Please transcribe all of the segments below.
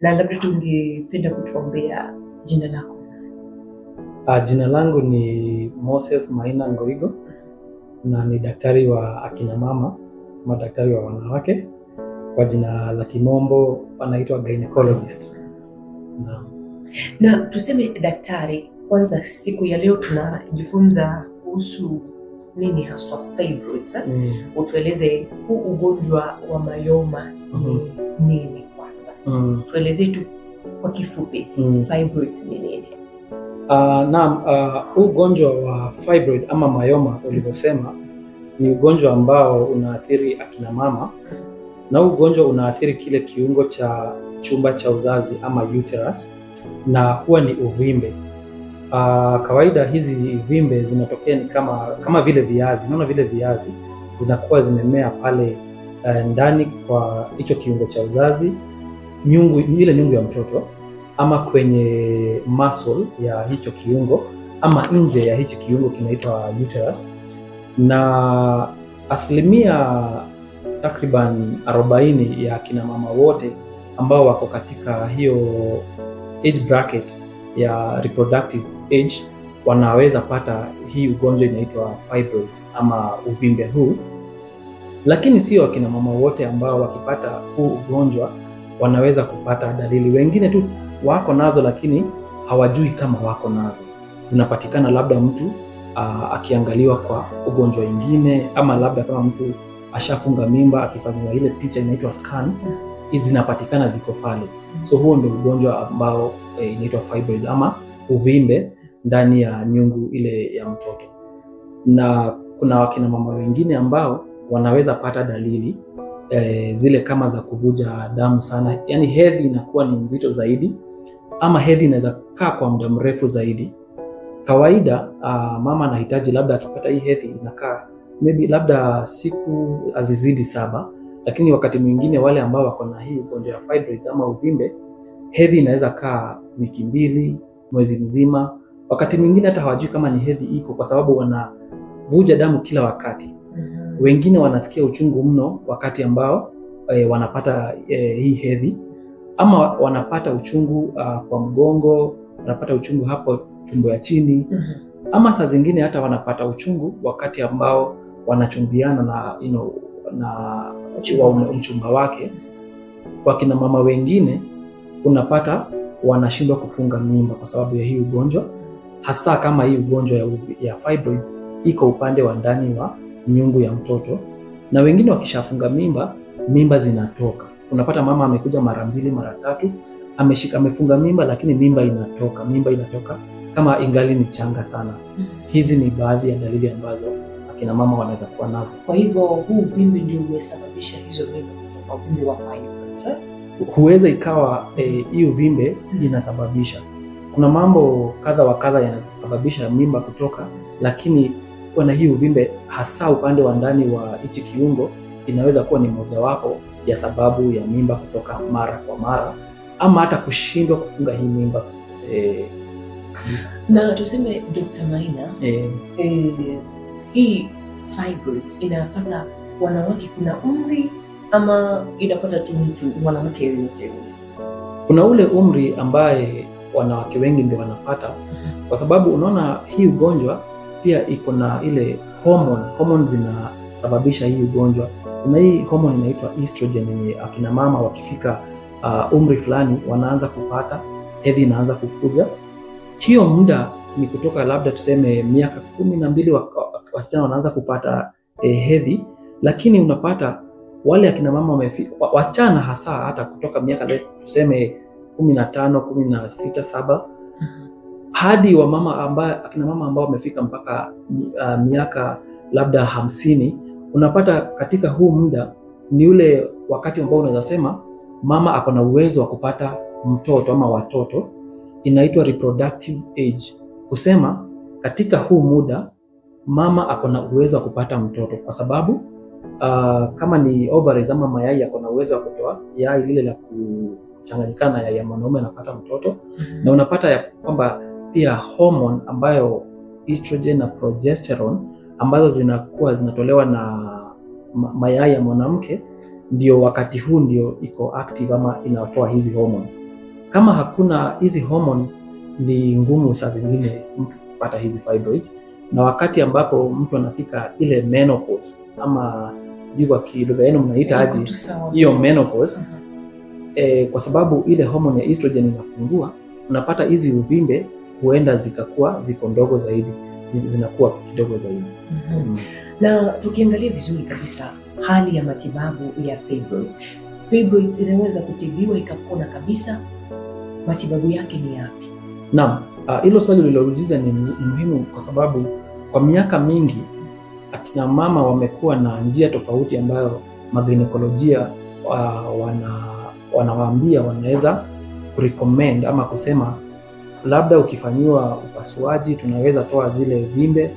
na labda tungependa kutuombea jina lako. Uh, jina langu ni Moses Maina Ngoigo na ni daktari wa akina mama ama daktari wa wanawake kwa jina la kimombo anaitwa gynecologist. Na, na tuseme daktari, kwanza siku ya leo tunajifunza kuhusu nini haswa fibroids? Eh? Mm. Utueleze huu ugonjwa wa mayoma ni mm -hmm. nini? kwanza mm. tuelezee tu kwa kifupi mm. ni nini? Uh, naam, uh, ugonjwa wa fibroid ama mayoma ulivyosema ni ugonjwa ambao unaathiri akina mama na huu ugonjwa unaathiri kile kiungo cha chumba cha uzazi ama uterus, na huwa ni uvimbe uh, kawaida hizi vimbe zinatokea ni kama kama vile viazi, naona vile viazi zinakuwa zimemea pale uh, ndani kwa hicho kiungo cha uzazi nyungu, ile nyungu ya mtoto ama kwenye muscle ya hicho kiungo ama nje ya hichi kiungo kinaitwa uterus, na asilimia takriban 40 ya kina mama wote ambao wako katika hiyo age bracket ya reproductive age wanaweza pata hii ugonjwa inaitwa fibroids ama uvimbe huu, lakini sio akina mama wote ambao wakipata huu ugonjwa wanaweza kupata dalili. Wengine tu wako nazo, lakini hawajui kama wako nazo. Zinapatikana labda mtu aa, akiangaliwa kwa ugonjwa wengine, ama labda kama mtu ashafunga mimba akifanyiwa ile picha inaitwa scan, hmm. zinapatikana ziko pale. So huo ndio ugonjwa ambao e, inaitwa fibroid ama uvimbe ndani ya nyungu ile ya mtoto, na kuna wakina mama wengine ambao wanaweza pata dalili e, zile kama za kuvuja damu sana, yani hedhi inakuwa ni nzito zaidi, ama hedhi inaweza kaa kwa muda mrefu zaidi. Kawaida a, ah, mama anahitaji labda akipata hii hedhi inakaa maybe labda siku azizidi saba, lakini wakati mwingine wale ambao wako na hii ugonjwa ya fibroids ama uvimbe, hedhi inaweza kaa wiki mbili, mwezi mzima, wakati mwingine hata hawajui kama ni hedhi iko, kwa sababu wanavuja damu kila wakati. Wengine wanasikia uchungu mno wakati ambao e, wanapata e, hii hedhi ama wanapata uchungu uh, kwa mgongo, wanapata uchungu hapo tumbo ya chini mm -hmm. ama saa zingine hata wanapata uchungu wakati ambao wanachumbiana na you know, na mchumba, mchumba wake. Kwa kina mama wengine unapata wanashindwa kufunga mimba kwa sababu ya hii ugonjwa, hasa kama hii ugonjwa ya, ya fibroids iko upande wa ndani wa nyungu ya mtoto, na wengine wakishafunga mimba, mimba zinatoka. Unapata mama amekuja mara mbili mara tatu, ameshika amefunga mimba, lakini mimba inatoka, mimba inatoka kama ingali ni changa sana. Mm-hmm. Hizi ni baadhi ya dalili ambazo akina mama wanaweza kuwa nazo. Kwa hivyo huu uvimbe ndio umesababisha hizo mimba wa cancer. Huweza ikawa hii e, uvimbe inasababisha. Kuna mambo kadha wa kadha yanasababisha mimba kutoka, lakini kuwa na hii uvimbe hasa upande wa ndani wa hichi kiungo inaweza kuwa ni mojawapo ya sababu ya mimba kutoka mara kwa mara ama hata kushindwa kufunga hii mimba eh, Na tuseme Dr. Maina eh, E, hii fibroids inapata wanawake, kuna umri ama inapata tu mtu mwanamke yoyote? Kuna ule umri ambaye wanawake wengi ndio wanapata, mhm. kwa sababu unaona hii ugonjwa pia iko na ile hormone. Hormone zinasababisha hii ugonjwa. Kuna hii hormone inaitwa estrogen yenye akina mama wakifika uh, umri fulani wanaanza kupata, hedhi inaanza kukuja. Hiyo muda ni kutoka labda tuseme miaka kumi na mbili wasichana wanaanza kupata eh, hedhi, lakini unapata wale akina mama wamefika, wasichana hasa hata kutoka miaka tuseme kumi na tano kumi na sita saba hadi wa mama ambaye, akina mama ambao wamefika mpaka uh, miaka labda hamsini, unapata katika huu muda ni ule wakati ambao unaweza sema mama ako na uwezo wa kupata mtoto ama watoto, inaitwa reproductive age, kusema katika huu muda mama ako na uwezo wa kupata mtoto kwa sababu uh, kama ni ovaries ama mayai ako na uwezo wa kutoa yai lile la kuchanganyikana na yai ya mwanaume anapata mtoto, mm -hmm. na unapata ya kwamba pia hormone ambayo estrogen na progesterone ambazo zinakuwa zinatolewa na mayai ya mwanamke, ndio wakati huu ndio iko active ama inatoa hizi hormone. Kama hakuna hizi hormone, ni ngumu saa zingine mtu kupata hizi fibroids, na wakati ambapo mtu anafika ile menopause ama sijui kwa kilugha yenu yaani mnaita aje hiyo menopause eh, kwa sababu ile hormone ya estrogen inapungua, unapata hizi uvimbe huenda zikakuwa ziko ndogo zaidi, zinakuwa kidogo zaidi. mm -hmm. Mm. Na tukiangalia vizuri kabisa hali ya matibabu ya fibroids, fibroids inaweza kutibiwa ikapona kabisa, matibabu yake ni yapi? Naam, ah, hilo uh, swali ulilouliza ni muhimu kwa sababu kwa miaka mingi akina mama wamekuwa na njia tofauti ambayo maginekolojia uh, ah, wanawaambia wanaweza kurecommend ama kusema labda ukifanyiwa upasuaji tunaweza toa zile vimbe,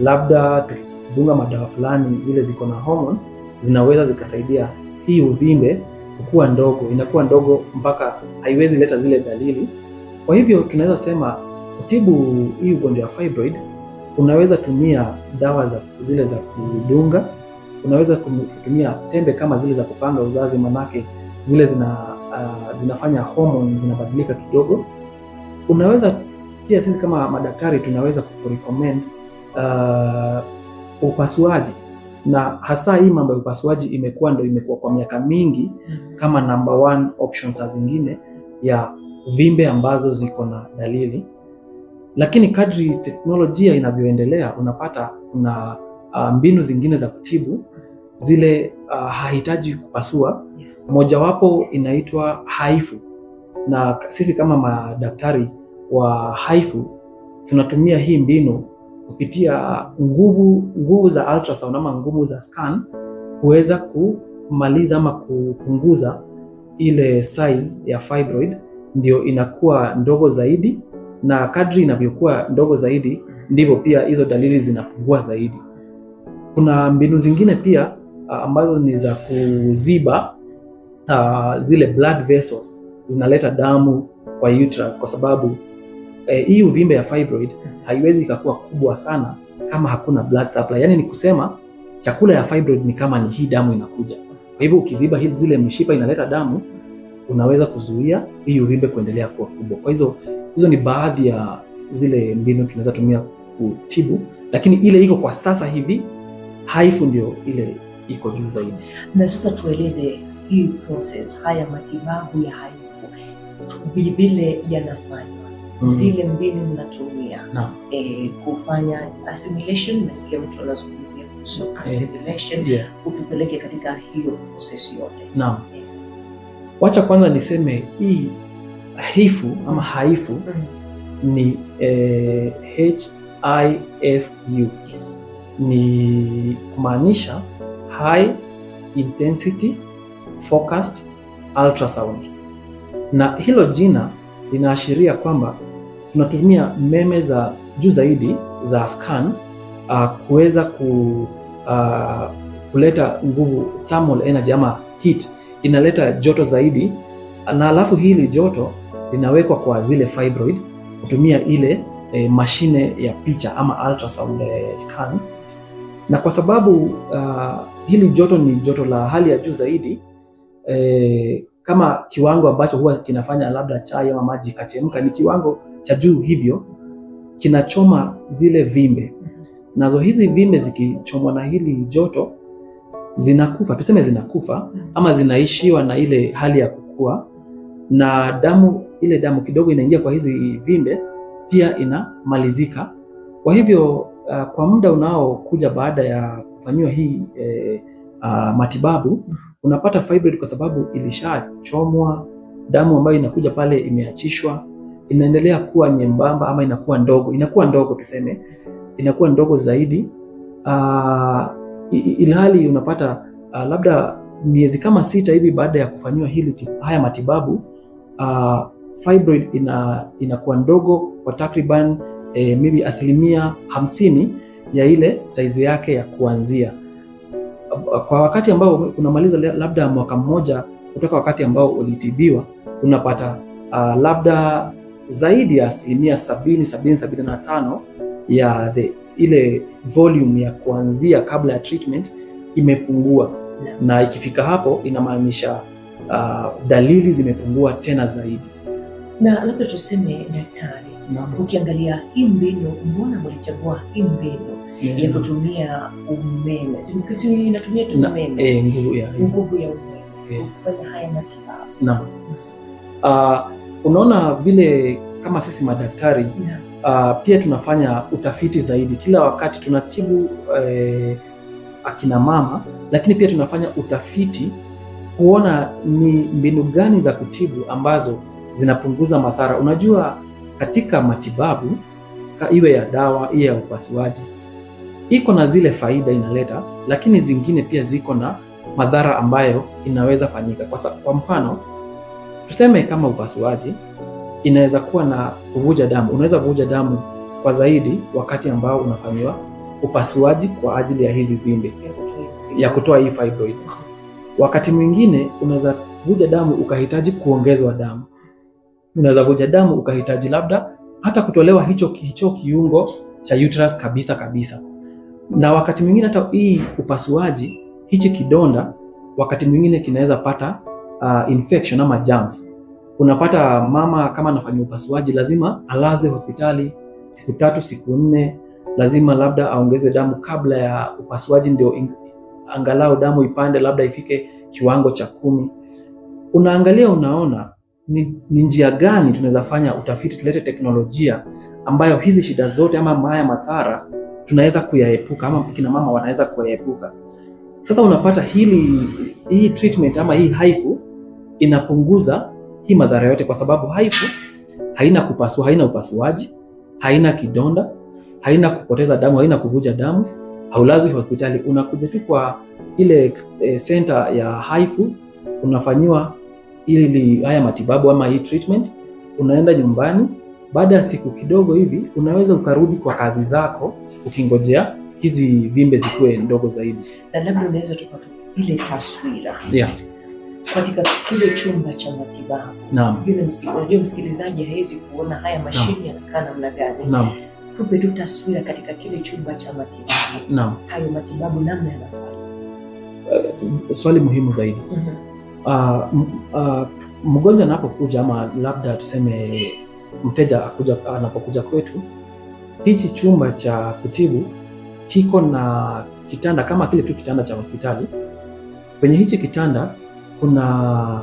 labda tukidunga madawa fulani, zile ziko na hormone zinaweza zikasaidia hii uvimbe kukua ndogo, inakuwa ndogo mpaka haiwezi leta zile dalili. Kwa hivyo tunaweza sema kutibu hii ugonjwa wa fibroid unaweza tumia dawa za zile za kudunga, unaweza kutumia tembe kama zile za kupanga uzazi, manake zile zina, uh, zinafanya hormone zinabadilika kidogo. Unaweza pia, sisi kama madaktari tunaweza kukurecommend uh, upasuaji na hasa hii mambo ya upasuaji imekuwa ndio imekuwa kwa miaka mingi mm-hmm. kama number one option saa zingine ya vimbe ambazo ziko na dalili, lakini kadri teknolojia inavyoendelea unapata kuna uh, mbinu zingine za kutibu zile uh, hahitaji kupasua. Yes. Mojawapo inaitwa haifu na sisi kama madaktari wa haifu tunatumia hii mbinu kupitia nguvu nguvu za ultrasound ama nguvu za scan kuweza kumaliza ama kupunguza ile size ya fibroid, ndio inakuwa ndogo zaidi, na kadri inavyokuwa ndogo zaidi ndivyo pia hizo dalili zinapungua zaidi. Kuna mbinu zingine pia ah, ambazo ni za kuziba uh, zile blood vessels zinaleta damu kwa uterus, kwa sababu eh, hii uvimbe ya fibroid haiwezi ikakuwa kubwa sana kama hakuna blood supply. Yani ni kusema chakula ya fibroid ni kama ni hii damu inakuja. Kwa hivyo ukiziba hizi zile mishipa inaleta damu, unaweza kuzuia hii uvimbe kuendelea kuwa kubwa. Kwa hizo hizo ni baadhi ya zile mbinu tunaweza tumia kutibu, lakini ile iko kwa sasa hivi haifu ndio ile iko juu zaidi. Na sasa tueleze hii process, haya matibabu ya haya vile yanafanywa mm. zile mbinu mnatumia no. e, kufanya assimilation. Nasikia mtu anazungumzia kuhusu eh. assimilation yeah. utupeleke katika hiyo prosesi yote no. e. Eh. Wacha kwanza niseme hii hifu ama mm. haifu mm. ni eh, H I F U yes. ni kumaanisha high intensity focused ultrasound na hilo jina linaashiria kwamba tunatumia meme za juu zaidi za scan uh, kuweza ku, uh, kuleta nguvu thermal energy ama heat, inaleta joto zaidi, na alafu hili joto linawekwa kwa zile fibroid kutumia ile e, mashine ya picha ama ultrasound eh, scan, na kwa sababu uh, hili joto ni joto la hali ya juu zaidi e, kama kiwango ambacho huwa kinafanya labda chai ama maji kachemka ni kiwango cha juu, hivyo kinachoma zile vimbe, nazo hizi vimbe zikichomwa na hili joto zinakufa, tuseme zinakufa ama zinaishiwa na ile hali ya kukua, na damu ile damu kidogo inaingia kwa hizi vimbe pia inamalizika. Kwa hivyo uh, kwa muda unaokuja baada ya kufanyiwa hii eh, uh, matibabu unapata fibroid kwa sababu ilishachomwa, damu ambayo inakuja pale imeachishwa, inaendelea kuwa nyembamba ama inakuwa ndogo, inakuwa ndogo tuseme, inakuwa ndogo zaidi. Uh, ilhali unapata uh, labda miezi kama sita hivi baada ya kufanyiwa hili haya matibabu uh, fibroid ina inakuwa ndogo kwa takriban eh, maybe asilimia hamsini ya ile saizi yake ya kuanzia kwa wakati ambao unamaliza labda mwaka mmoja kutoka wakati ambao ulitibiwa, unapata uh, labda zaidi ya asilimia sabini sabini sabini na tano ya the, ile volume ya kuanzia kabla ya treatment imepungua Na ikifika hapo inamaanisha uh, dalili zimepungua tena zaidi, na labda tuseme daktari, ukiangalia hii mbinu, mbona mlichagua hii mbinu yeah. ya kutumia umeme, si inatumia tu umeme, eh, nguvu ya nguvu ya umeme kufanya haya matibabu. Naam. Uh, unaona vile kama sisi madaktari yeah. uh, pia tunafanya utafiti zaidi kila wakati tunatibu eh, akina mama, lakini pia tunafanya utafiti kuona ni mbinu gani za kutibu ambazo zinapunguza madhara. Unajua, katika matibabu iwe ya dawa iwe ya upasuaji iko na zile faida inaleta, lakini zingine pia ziko na madhara ambayo inaweza fanyika. Kwa, kwa mfano tuseme kama upasuaji inaweza kuwa na kuvuja damu. Unaweza vuja damu kwa zaidi wakati ambao unafanyiwa upasuaji kwa ajili ya hizi vimbe ya kutoa hii fibroid. Wakati mwingine unaweza vuja damu ukahitaji kuongezwa damu, unaweza vuja damu ukahitaji labda hata kutolewa hicho hicho kiungo cha uterus kabisa kabisa na wakati mwingine hata hii upasuaji, hichi kidonda wakati mwingine kinaweza pata uh, infection ama germs. Unapata mama kama anafanya upasuaji, lazima alaze hospitali siku tatu siku nne, lazima labda aongeze damu kabla ya upasuaji, ndio angalau damu ipande labda ifike kiwango cha kumi. Unaangalia unaona ni, ni njia gani tunaweza fanya utafiti, tulete teknolojia ambayo hizi shida zote ama maya madhara tunaweza kuyaepuka ama kina mama wanaweza kuyaepuka. Sasa unapata hili hii treatment ama hii haifu inapunguza hii madhara yote, kwa sababu haifu haina kupasua, haina upasuaji, haina kidonda, haina kupoteza damu, haina kuvuja damu, haulazi hospitali. Unakuja tu kwa ile eh, center ya haifu, unafanyiwa ili haya matibabu ama hii treatment, unaenda nyumbani. Baada ya siku kidogo hivi, unaweza ukarudi kwa kazi zako ukingojea hizi vimbe zikuwe ndogo zaidi, na labda unaweza tupata ile taswira yeah. Katika kile chumba cha matibabu. Naam. Yule msikilizaji hawezi kuona haya mashini yanakaa namna gani. Naam. Tupe tu taswira katika kile chumba cha matibabu. Naam. Hayo matibabu namna yanafanya. Uh, swali muhimu zaidi. Mhm. Uh, uh, mgonjwa anapokuja ama labda tuseme mteja anapokuja kwetu Hichi chumba cha kutibu kiko na kitanda kama kile tu kitanda cha hospitali. Kwenye hichi kitanda kuna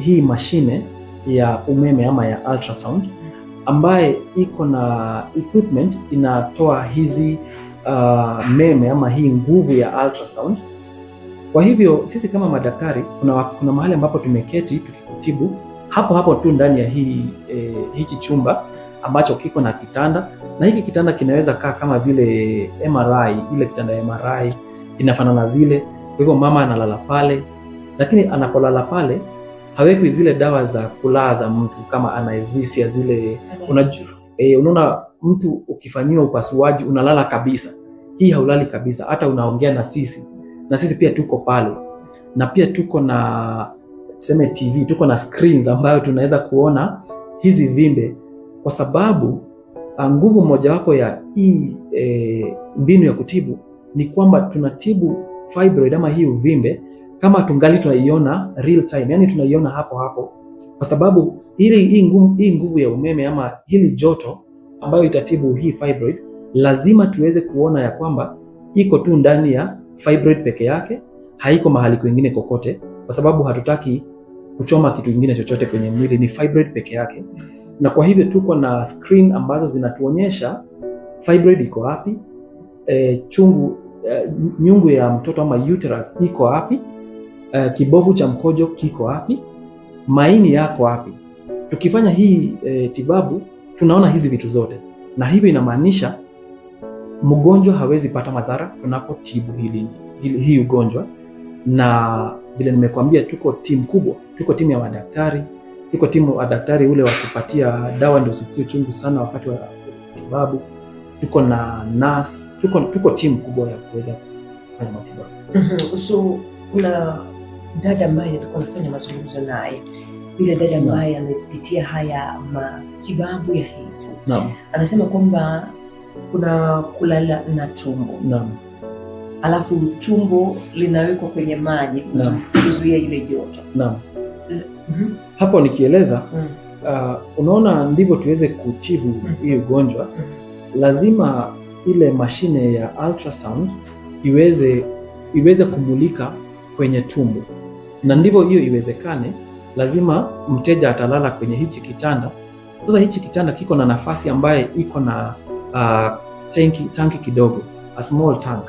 hii mashine ya umeme ama ya ultrasound ambaye iko na equipment inatoa hizi uh, meme ama hii nguvu ya ultrasound. Kwa hivyo sisi kama madaktari kuna, kuna mahali ambapo tumeketi tukikutibu hapo hapo tu ndani ya hii, eh, hichi chumba ambacho kiko na kitanda na hiki kitanda kinaweza kaa kama vile MRI, ile kitanda ya MRI inafanana vile. Kwa hivyo mama analala pale, lakini anapolala pale hawekwi zile dawa za kulaa za mtu kama anazisia zile. Eh, unaona mtu ukifanyiwa upasuaji unalala kabisa, hii haulali kabisa, hata unaongea na sisi, na sisi pia tuko pale, na pia tuko na tuseme TV, tuko na screens ambayo tunaweza kuona hizi vimbe kwa sababu Ah, nguvu mojawapo ya hii e, mbinu ya kutibu ni kwamba tunatibu fibroid ama hii uvimbe kama tungali tunaiona real time, yani tunaiona hapo hapo, kwa sababu hili hii nguvu, hii nguvu ya umeme ama hili joto ambayo itatibu hii fibroid lazima tuweze kuona ya kwamba iko tu ndani ya fibroid peke yake, haiko mahali kwingine kokote, kwa sababu hatutaki kuchoma kitu kingine chochote kwenye mwili, ni fibroid peke yake na kwa hivyo tuko na screen ambazo zinatuonyesha fibroid iko wapi, e, chungu e, nyungu ya mtoto ama uterus iko wapi, e, kibovu cha mkojo kiko wapi, maini yako wapi. Tukifanya hii e, tibabu tunaona hizi vitu zote, na hivyo inamaanisha mgonjwa hawezi pata madhara tunapotibu hili, hili, hii ugonjwa. Na vile nimekuambia, tuko timu kubwa, tuko timu ya madaktari iko timu wa ah, daktari ule wakupatia dawa ndio usisikie uchungu sana wakati wa matibabu. Tuko na nurse, tuko tuko timu kubwa ya kuweza kufanya matibabu. mm -hmm. So kuna dada ambaye nilikuwa nafanya mazungumzo naye, yule dada ambaye amepitia haya matibabu ya hivu. no. Anasema kwamba kuna kulala na tumbo. no. Alafu tumbo linawekwa kwenye maji kuzuia ile joto. no. -hmm. hapo nikieleza mm -hmm. uh, unaona ndivyo tuweze kutibu mm -hmm. hii ugonjwa mm -hmm. lazima ile mashine ya ultrasound iweze iweze kumulika kwenye tumbo, na ndivyo hiyo iwezekane, lazima mteja atalala kwenye hichi kitanda. Sasa hichi kitanda kiko na nafasi ambaye iko na uh, tanki, tanki kidogo, a small tank.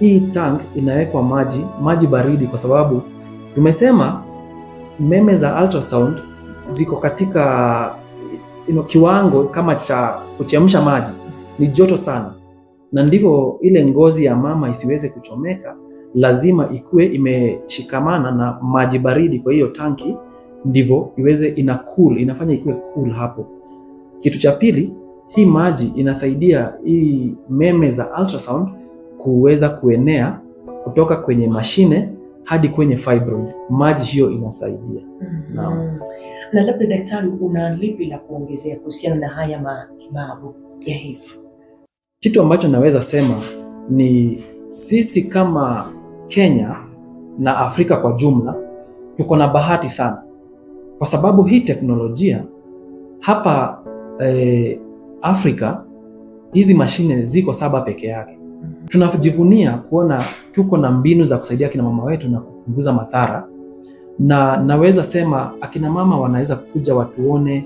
Hii tank inawekwa maji maji baridi, kwa sababu tumesema meme za ultrasound ziko katika ino kiwango kama cha kuchemsha maji, ni joto sana, na ndivyo ile ngozi ya mama isiweze kuchomeka, lazima ikuwe imeshikamana na maji baridi. Kwa hiyo tanki ndivyo iweze ina cool, inafanya ikuwe cool hapo. Kitu cha pili, hii maji inasaidia hii meme za ultrasound kuweza kuenea kutoka kwenye mashine hadi kwenye fibroid, maji hiyo inasaidia mm -hmm. Na labda daktari, una lipi la kuongezea kuhusiana na haya matibabu ya hivi? Kitu ambacho naweza sema ni sisi kama Kenya na Afrika kwa jumla tuko na bahati sana, kwa sababu hii teknolojia hapa eh, Afrika hizi mashine ziko saba peke yake Tunajivunia kuona tuko na mbinu za kusaidia akina mama wetu na kupunguza madhara, na naweza sema akina mama wanaweza kuja watuone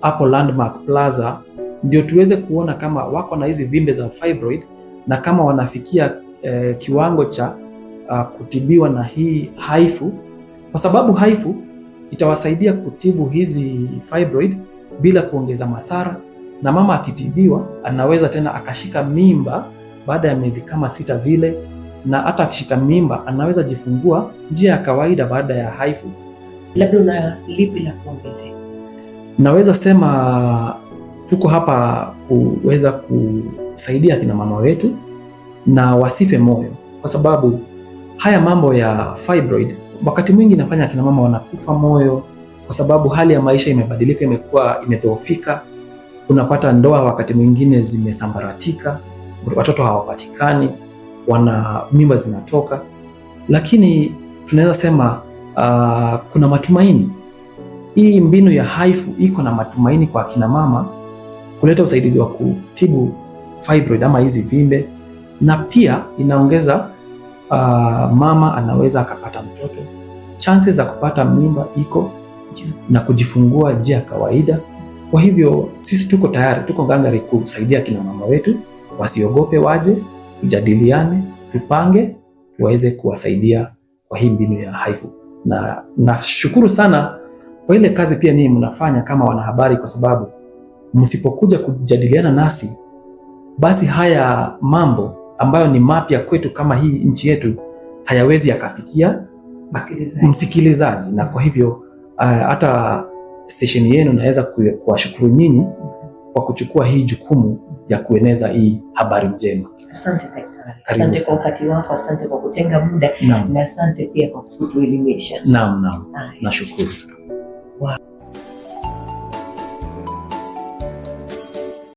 hapo Landmark Plaza ndio tuweze kuona kama wako na hizi vimbe za fibroid na kama wanafikia eh, kiwango cha uh, kutibiwa na hii haifu, kwa sababu haifu itawasaidia kutibu hizi fibroid bila kuongeza madhara, na mama akitibiwa anaweza tena akashika mimba baada ya miezi kama sita vile, na hata akishika mimba anaweza jifungua njia ya kawaida baada ya haifu. Labda una lipi la kuongezea? Naweza sema tuko hapa kuweza kusaidia kina mama wetu na wasife moyo, kwa sababu haya mambo ya fibroid wakati mwingi nafanya kina mama wanakufa moyo, kwa sababu hali ya maisha imebadilika, imekuwa imedhoofika. Unapata ndoa wakati mwingine zimesambaratika, watoto hawapatikani, wana mimba zinatoka, lakini tunaweza sema uh, kuna matumaini. Hii mbinu ya haifu iko na matumaini kwa akina mama kuleta usaidizi wa kutibu fibroid ama hizi vimbe, na pia inaongeza uh, mama anaweza akapata mtoto, chances za kupata mimba iko na kujifungua njia ya kawaida. Kwa hivyo sisi tuko tayari, tuko ngangari kusaidia akina mama wetu wasiogope, waje tujadiliane, tupange, tuweze kuwasaidia kwa hii mbinu ya Hive. Na nashukuru sana kwa ile kazi pia ninyi mnafanya kama wanahabari, kwa sababu msipokuja kujadiliana nasi, basi haya mambo ambayo ni mapya kwetu kama hii nchi yetu hayawezi yakafikia msikilizaji, msikilizaji. Na kwa hivyo ah, hata uh, stesheni yenu naweza kuwashukuru nyinyi kwa kuchukua hii jukumu ya kueneza hii habari njema. Asante asante kwa wakati wako, asante kwa kutenga muda na asante pia kwa kutuelimisha. Naam, naam, nashukuru. Wow.